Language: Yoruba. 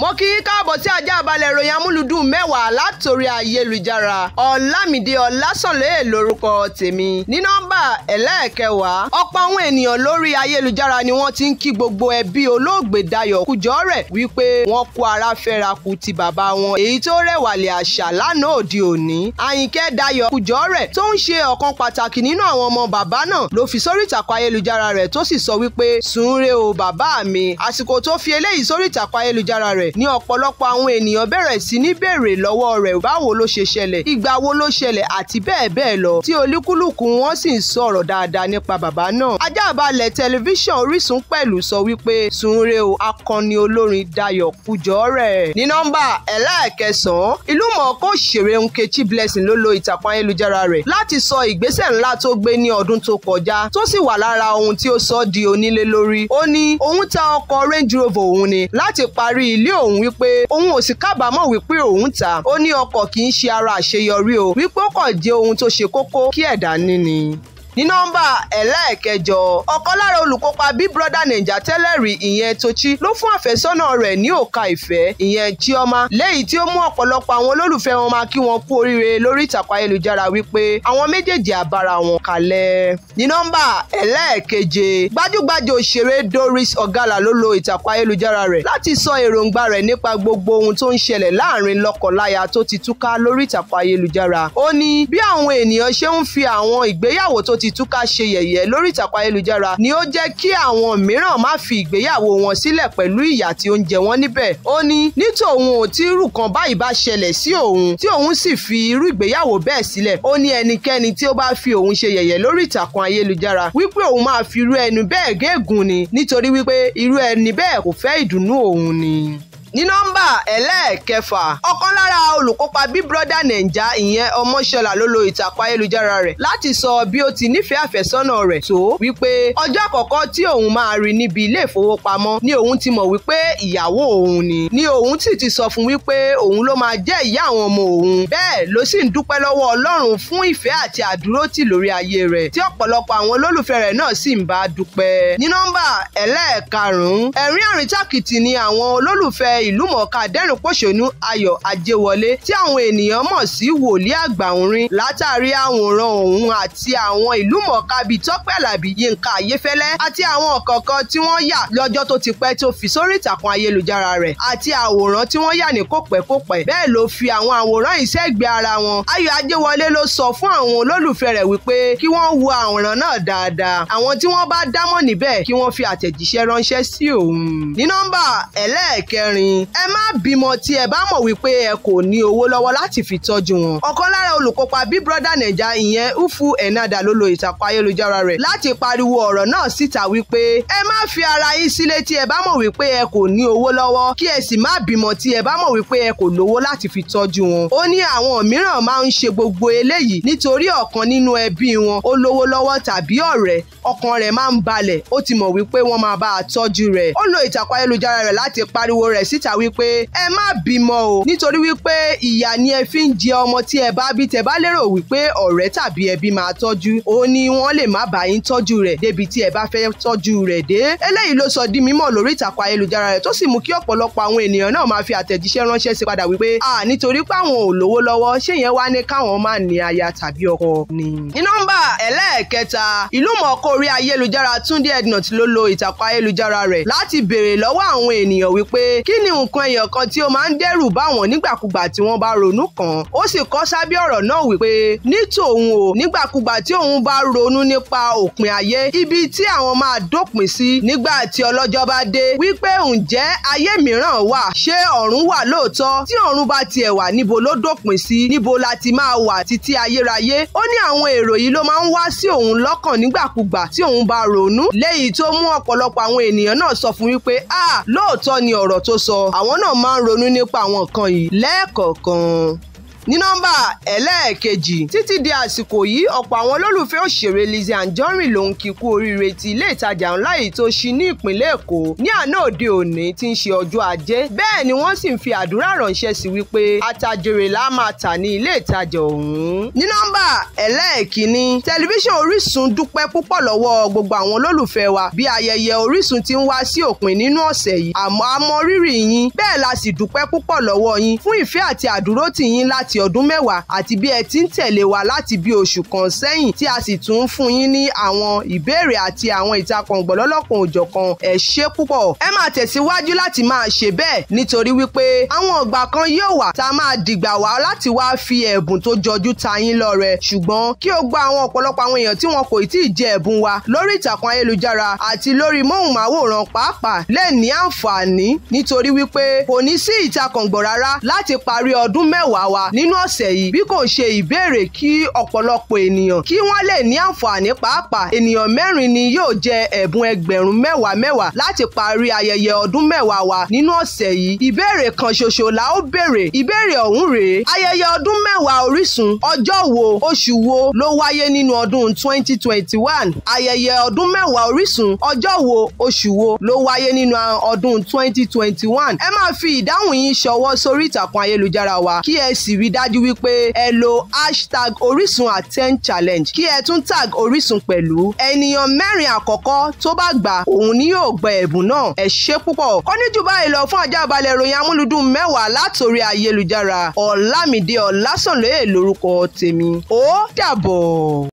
mo kì í káàbọ̀ sí ajá balẹ̀ ìròyìn amúlùdùn mẹ́wàá látòrí ayélujára ọ̀làmìdí ọ̀làsànlẹ̀ lórúkọ tèmi ní nọ́mbà ẹlẹ́ẹ̀kẹwàá ọ̀pọ̀ àwọn ènìyàn lórí ayélujára ni wọ́n ti ń kí gbogbo ẹbí olóògbé Dayọ̀ Kújọ́rẹ̀ wípé wọ́n kú ara fẹ́ra kù ti bàbá wọn èyí tó rẹ̀wàlẹ̀ àṣà lánàá òde òní Àyìnkẹ́ Dayọ̀ Kújọ́rẹ̀ tó ń ṣe ọ̀kan pàtàkì nínú àwọn ọmọ o bàbá mi àsìkò tó fi eléyìí sórí ìtàkùn rẹ̀ ní ọ̀pọ̀lọpọ̀ àwọn ènìyàn bẹ̀rẹ̀ sí ní béèrè lọ́wọ́ rẹ̀ báwo ló ṣe ṣẹlẹ̀ ìgbà wo ló ṣẹlẹ̀ àti bẹ́ẹ̀ bẹ́ẹ̀ lọ tí olúkúlùkù wọn sì ń sọ̀rọ̀ dáadáa nípa bàbá náà ajábalẹ̀ tẹlifíṣàn Orísun pẹ̀lú sọ wípé sunre o akọni olórin Dayọ̀ Kujore ní nọ́mbà ẹlẹ́ẹ̀kẹsàn-án ìlúmọ̀ọ́ká òṣèré Nkechi Blessing ló lo ìtàkùn ayélujára rẹ̀ láti sọ ìgbésẹ̀ ńlá tó gbé ní ọdún tó kọjá tó sì wà lára ohun tí ó sọ di onílé lórí ó ní òun ta ọkọ̀ Range Rover òun ìdílé òun wípé òun ò sì kábàámọ̀ wípé òun ta ó ní ọkọ̀ kì í ṣe ara àṣeyọrí o wípé ó kàn jẹ́ ohun tó ṣe kókó kí ẹ̀dá níni ní nọ́mbà ẹlẹ́ẹ̀kẹjọ ọ̀kan lára olùkópa big brother naija tẹ́lẹ̀rí ìyẹn tochi ló fún àfẹ́sọ́nà rẹ̀ ní òka ìfẹ́ ìyẹn chioma léyìí tí ó mú ọ̀pọ̀lọpọ̀ àwọn olólùfẹ́ wọn máa kí wọn kú oríire lórí ìtàkùn ayélujára wípé àwọn méjèèjì àbára wọn kalẹ̀ ní nọ́mbà ẹlẹ́ẹ̀keje gbajúgbajà òṣèré doris ogala ló lo ìtàkùn ayélujára rẹ̀ láti sọ èròǹgbà rẹ̀ nípa gbogbo ohun tó ń ṣẹlẹ̀ láàrin lọ́kọláya tó ti túká lórí ìtàkùn ayélujára ó ní bí àwọn ènìyàn ṣe ń fi àwọn ìgbéyàwó tó ti túká ṣe yẹ̀yẹ́ lórí ìtàkùn ayélujára ni ó jẹ́ kí àwọn mìíràn má fi ìgbéyàwó wọn sílẹ̀ pẹ̀lú ìyà tí ó ń jẹ wọ́n níbẹ̀ ó ní ní tòun ò tí irú kan báyìí bá ṣẹlẹ̀ sí òun tí òun sì fi irú ìgbéyàwó bẹ́ẹ̀ sílẹ̀ ó ní ẹnikẹ́ni tí ó bá fi òun ṣe yẹ̀yẹ́ lórí ìtàkùn ayélujára wípé òun máa fi irú ẹnu bẹ́ẹ̀ gégùn ni nítorí wípé irú ẹni bẹ́ẹ̀ kò ní nọ́mbà ẹlẹ́ẹ̀kẹfà ọ̀kan lára olùkópa Big Brother Naija ìyẹn Ọmọ́ṣọlá ló lo ìtàkùn ayélujára rẹ̀ láti sọ bí ó ti nífẹ̀ẹ́ àfẹ́sọ́nà rẹ̀ tó wípé ọjọ́ àkọ́kọ́ tí òun máa rí níbi ilé ìfowópamọ́ ni òun ti mọ̀ wípé ìyàwó òun ni ni òun sì ti sọ fún wípé òun ló máa jẹ́ ìyá àwọn ọmọ òun bẹ́ẹ̀ ló sì ń dúpẹ́ lọ́wọ́ Ọlọ́run fún ìfẹ́ àti àdúrótì lórí ayé rẹ̀ tí ọ̀pọ̀lọpọ̀ àwọn olólùfẹ́ rẹ̀ náà sì ń bá dúpẹ́ ní nọ́mbà ẹlẹ́ẹ̀karùn-ún àrìntàkìtì ni àwọn olólùfẹ́ ìlú mọ̀ọ́ká dẹ́rùn-pọ̀ṣónú Ayọ̀ Ajéwọlé tí àwọn ènìyàn mọ̀ sí wòlíì àgbà òrin látàrí àwòrán òun àti àwọn ìlú mọ̀ọ́ká bíi Tọ́pẹ́ Àlàbí Yínká Ayéfẹ́lẹ́ àti àwọn kọ̀ọ̀kan tí wọ́n yà lọ́jọ́ tó ti pẹ́ tó fi sórí ìtàkùn ayélujára rẹ̀ àti àwòrán tí wọ́n yà ní kòpẹ́kòpẹ́ bẹ́ẹ̀ ló fi àwọn àwòrán ìṣègbè ara wọn Ayọ̀ Ajéwọlé ló sọ fún àwọn olólùfẹ́ rẹ̀ wípé kí wọ́n wo àwòrán náà dáadáa àwọn tí wọ́n bá dámọ̀ níbẹ̀ kí wọ́n fi àtẹ̀jíṣẹ́ ránṣẹ́ sí òun ní nọ́mbà ẹlẹ́ẹ̀kẹrin ni ẹ má bímọ tí ẹ bá mọ̀ wípé ẹ kò ní owó lọ́wọ́ láti fi tọ́jú wọn. ọ̀kan lára olùkópa Big Brother Naija ìyẹn Ufu Enada ló lo ìtàkùn ayélujára rẹ̀ láti pariwo ọ̀rọ̀ náà síta wípé ẹ má fi ara yín sílé tí ẹ bá mọ̀ wípé ẹ kò ní owó lọ́wọ́ kí ẹ sì má bímọ tí ẹ bá mọ̀ wípé ẹ kò lówó láti fi tọ́jú wọn. ó ní àwọn mìíràn máa ń ṣe gbogbo eléyìí nítorí ọ̀kan nínú ẹbí wọn ó lówó lọ́wọ́ tàbí ọ̀rẹ́ ọkàn rẹ̀ máa ń balẹ̀ ó ti mọ̀ wípé wọ́n máa bá a tọ́jú rẹ̀. ó lo ìtàkùn ayélujára rẹ̀ láti pariwo rẹ̀ sí síta wípé ẹ má bímọ o nítorí wípé ìyà ni ẹ fi ń jẹ ọmọ tí ẹ bá bí tẹ bá lérò wípé ọ̀rẹ́ tàbí ẹbí máa tọ́jú ó ní wọ́n lè má bá yín tọ́jú rẹ̀ débi tí ẹ bá fẹ́ tọ́jú rẹ̀ dé eléyìí ló sọ di mímọ̀ lórí ìtàkùn ayélujára rẹ̀ tó sì mú kí ọ̀pọ̀lọpọ̀ àwọn ènìyàn náà máa fi àtẹ̀jíṣẹ́ ránṣẹ́ sí padà wípé à nítorí pé àwọn ò lówó lọ́wọ́ ṣé yẹn wá ní káwọn máa ní aya tàbí ọkọ ni. ní nọ́mbà ẹlẹ́ẹ̀kẹta ìlú orí ayélujára Túndé Ednut ló lo ìtàkùn ayélujára rẹ̀ láti béèrè lọ́wọ́ àwọn ènìyàn wípé kí ni nǹkan ẹyọ kan tí ó máa ń dẹ́rù báwọn nígbàkúgbà tí wọ́n bá ronú kàn ó sì kọ́ sábẹ́ ọ̀rọ̀ náà wípé ní tòun o nígbàkúgbà tí òun bá ronú nípa òpin ayé ibi tí àwọn máa dópin sí nígbà tí ọlọ́jọ́ bá dé wípé ǹjẹ́ ayé mìíràn wà ṣé ọ̀run wà lóòótọ́ tí ọ̀run bá tiẹ̀ wà níbo ló dópin sí níbo la ti máa wà títí ayérayé ó ní àwọn èrò yìí ló máa ń wá sí òun lọ́kàn nígbàkúgbà tí òun bá ronú léyìí tó mú ọ̀pọ̀lọpọ̀ àwọn ènìyàn náà sọ fún wípé ah lóòótọ́ ni ọ̀rọ̀ tó sọ àwọn náà máa ń ronú nípa àwọn nǹkan yìí lẹ́ẹ̀kọ̀ọ̀kan ní nọ́mbà ẹlẹ́ẹ̀kejì títí di àsìkò yìí ọ̀pọ̀ àwọn olólùfẹ́ òṣèré Lizzy Anjorin ló ń kíkú oríire ti ilé ìtajà ńlá yìí tó ṣí ní ìpínlẹ̀ Èkó ní àná òde òní tí ń ṣe ọjọ́ ajé bẹ́ẹ̀ ni wọ́n sì ń fi àdúrà ránṣẹ́ sí wípé atajèrè la máa tà ní ilé ìtajà ọ̀hún. ní nọ́mbà ẹlẹ́ẹ̀kínní tẹlifíṣàn Orísun dúpẹ́ púpọ̀ lọ́wọ́ gbogbo àwọn olólùfẹ́ wa bí ayẹyẹ Orísun ti ń wá sí òpin nínú ọ̀sẹ̀ yìí àmọ́ a rírì láti ọdún mẹ́wàá àti bí ẹ ti ń tẹ̀lé wa láti bí oṣù kan sẹ́yìn tí a sì tún ń fún yín ní àwọn ìbéèrè àti àwọn ìtakùn ọ̀gbọ̀lọ́lọ́kan òjọ̀kan ẹ ṣé púpọ̀ ẹ máa tẹ̀síwájú láti máa ṣe bẹ́ẹ̀ nítorí wípé àwọn ọgbà kan yóò wà tá a máa dìgbà wá láti wá fi ẹ̀bùn tó jọjú ta yín lọ́rẹ ṣùgbọ́n kí o gba àwọn ọ̀pọ̀lọpọ̀ àwọn èèyàn nínú ọ̀sẹ̀ yìí bí kò ṣe ìbéèrè kí ọ̀pọ̀lọpọ̀ ènìyàn kí wọ́n lè ní àǹfààní pàápàá ènìyàn mẹ́rin ni yóò jẹ ẹ̀bùn ẹgbẹ̀rún mẹ́wàá mẹ́wàá láti parí ayẹyẹ ọdún mẹ́wàá wa nínú ọ̀sẹ̀ yìí ìbéèrè kan ṣoṣo la ó béèrè ìbéèrè ọ̀hún rèé ayẹyẹ ọdún mẹ́wàá Orísun ọjọ́ wo oṣù wo ló wáyé nínú ọdún 2021 ayẹyẹ ọdún mẹ́wàá Orísun ọjọ́ wo oṣù wo ló wáyé nínú ọdún 2021 ẹ máa fi ìdáhùn yín ṣọwọ́ sórí ìtàkùn ayélujára wa kí ẹ sì rí dájú wípé ẹ lo hashtag orísun attend challenge kí ẹ tún tag orísun pẹ̀lú ènìyàn mẹ́rin àkọ́kọ́ tó bá gbà òun ni yóò gba ẹ̀bùn náà ẹ ṣé púpọ̀ kò ní jù báyìí lọ fún àjàbalẹ̀ ìròyìn amúlùdùn mẹ́wàá látòrí ayélujára ọ̀làmídé ọ̀làsànlóye lórúkọ tèmi ó dàbọ̀.